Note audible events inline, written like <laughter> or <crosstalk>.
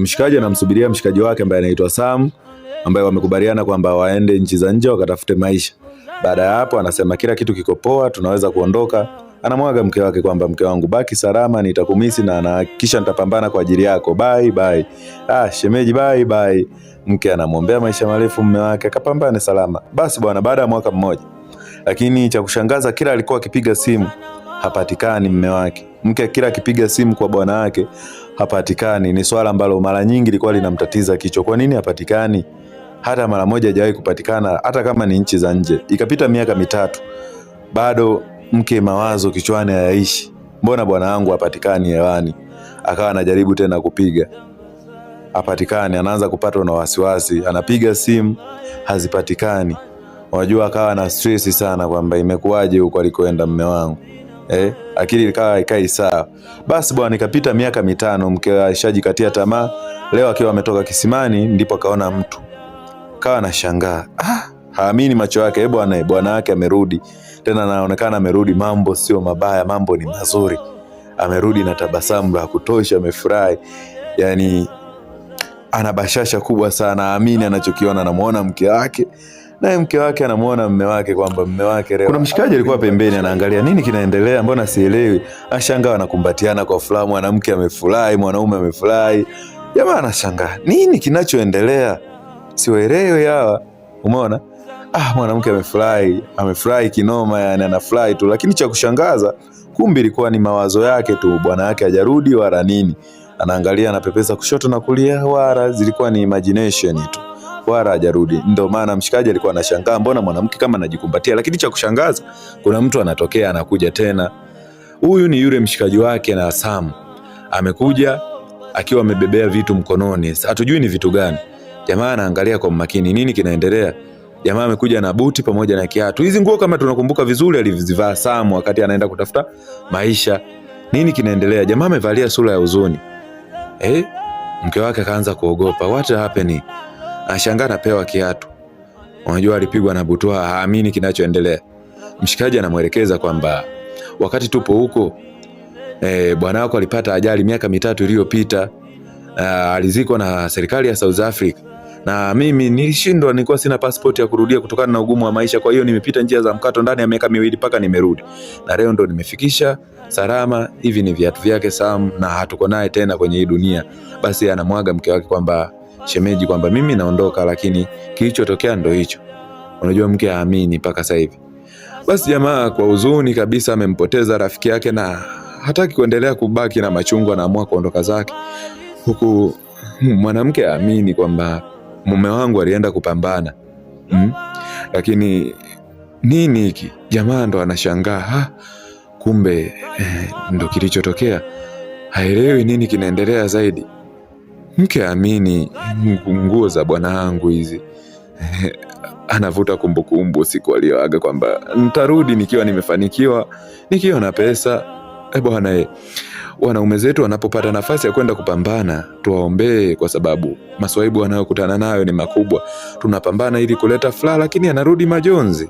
mshikaji anamsubiria mshikaji wake ambaye anaitwa Sam, ambaye wamekubaliana kwamba waende nchi za nje wakatafute maisha. Baada ya hapo, anasema kila kitu kiko poa, tunaweza kuondoka. Anamwaga mke wake kwamba mke wangu, baki salama, nitakumisi na na kisha nitapambana kwa ajili yako, bye bye. Ah, shemeji, bye bye. Mke anamwombea maisha marefu mume wake, akapambane salama. Basi bwana, baada ya mwaka mmoja, lakini cha kushangaza, kila alikuwa akipiga simu hapatikani mume wake. Mke kila akipiga simu kwa bwana wake hapatikani, ni swala ambalo mara nyingi lilikuwa linamtatiza kichwa. Kwa nini hapatikani? Hata mara moja hajawahi kupatikana, hata kama ni nchi za nje. Ikapita miaka mitatu, bado mke mawazo kichwani hayaishi, mbona bwana wangu hapatikani hewani? Akawa anajaribu tena kupiga, hapatikani. Anaanza kupatwa na wasiwasi, anapiga simu hazipatikani. Wajua, akawa na stress sana kwamba imekuwaje huko alikoenda mme wangu eh, akili ikawa ikai sawa. Basi bwana, ikapita miaka mitano, mke alishajikatia tamaa. Leo akiwa ametoka kisimani, ndipo akaona mtu, kawa na shangaa ah, haamini macho yake. Eh bwana, bwana yake amerudi tena, anaonekana amerudi. Mambo sio mabaya, mambo ni mazuri. Amerudi na tabasamu la kutosha, amefurahi, yani ana bashasha kubwa sana, aamini anachokiona. Anamuona mke wake naye mke wake anamwona mme wake kwamba mme wake leo. Kuna mshikaji alikuwa pembeni anaangalia nini kinaendelea, mbona sielewi. Ashangaa wanakumbatiana kwa furaha, mwanamke amefurahi, mwanaume amefurahi, jamaa anashangaa nini kinachoendelea, siwaelewi hawa. Umeona, ah, mwanamke amefurahi, amefurahi kinoma, yani anafurahi tu, lakini cha kushangaza kumbi ilikuwa ni mawazo yake tu, bwana yake hajarudi wala nini. Anaangalia, anapepesa kushoto na kulia, wala zilikuwa ni imagination tu wala hajarudi. Ndio maana mshikaji alikuwa anashangaa mbona mwanamke kama anajikumbatia, lakini cha kushangaza kuna mtu anatokea anakuja tena. Huyu ni yule mshikaji wake na Sam amekuja akiwa amebebea vitu mkononi, hatujui ni vitu gani. Jamaa anaangalia kwa makini, nini kinaendelea? Jamaa amekuja na buti pamoja na kiatu. Hizi nguo kama tunakumbuka vizuri alizivaa Sam wakati anaenda kutafuta maisha. Nini kinaendelea? Jamaa amevalia sura ya huzuni eh? Mke wake akaanza kuogopa, what happened? Ashangaa anapewa kiatu. Unajua alipigwa na butwaa, haamini kinachoendelea. Mshikaji anamwelekeza kwamba wakati tupo huko e, bwana wako alipata ajali miaka mitatu iliyopita. Ah, alizikwa na serikali ya South Africa na mimi nilishindwa, nilikuwa sina passport ya kurudia kutokana na ugumu wa maisha. Kwa hiyo nimepita njia za mkato ndani ya miaka miwili mpaka nimerudi, na leo ndo nimefikisha salama. Hivi ni viatu vyake Sam, na hatuko naye tena kwenye hii dunia. Basi anamwaga mke wake kwamba shemeji kwamba mimi naondoka, lakini kilichotokea ndo hicho. Unajua mke haamini mpaka sasa hivi. Basi jamaa kwa huzuni kabisa amempoteza rafiki yake na hataki kuendelea kubaki na machungu, anaamua kuondoka zake, huku mwanamke aamini kwamba mume wangu alienda kupambana mm? Lakini nini hiki? Jamaa ndo anashangaa, kumbe eh, ndo kilichotokea. Haelewi nini kinaendelea zaidi. Mke amini, nguo za bwana wangu hizi. <laughs> Anavuta kumbukumbu siku aliyoaga kwamba ntarudi nikiwa nimefanikiwa, nikiwa na pesa. E bwana e, wanaume zetu wanapopata nafasi ya kwenda kupambana tuwaombee, kwa sababu maswaibu wanayokutana nayo ni makubwa. Tunapambana ili kuleta furaha, lakini anarudi majonzi.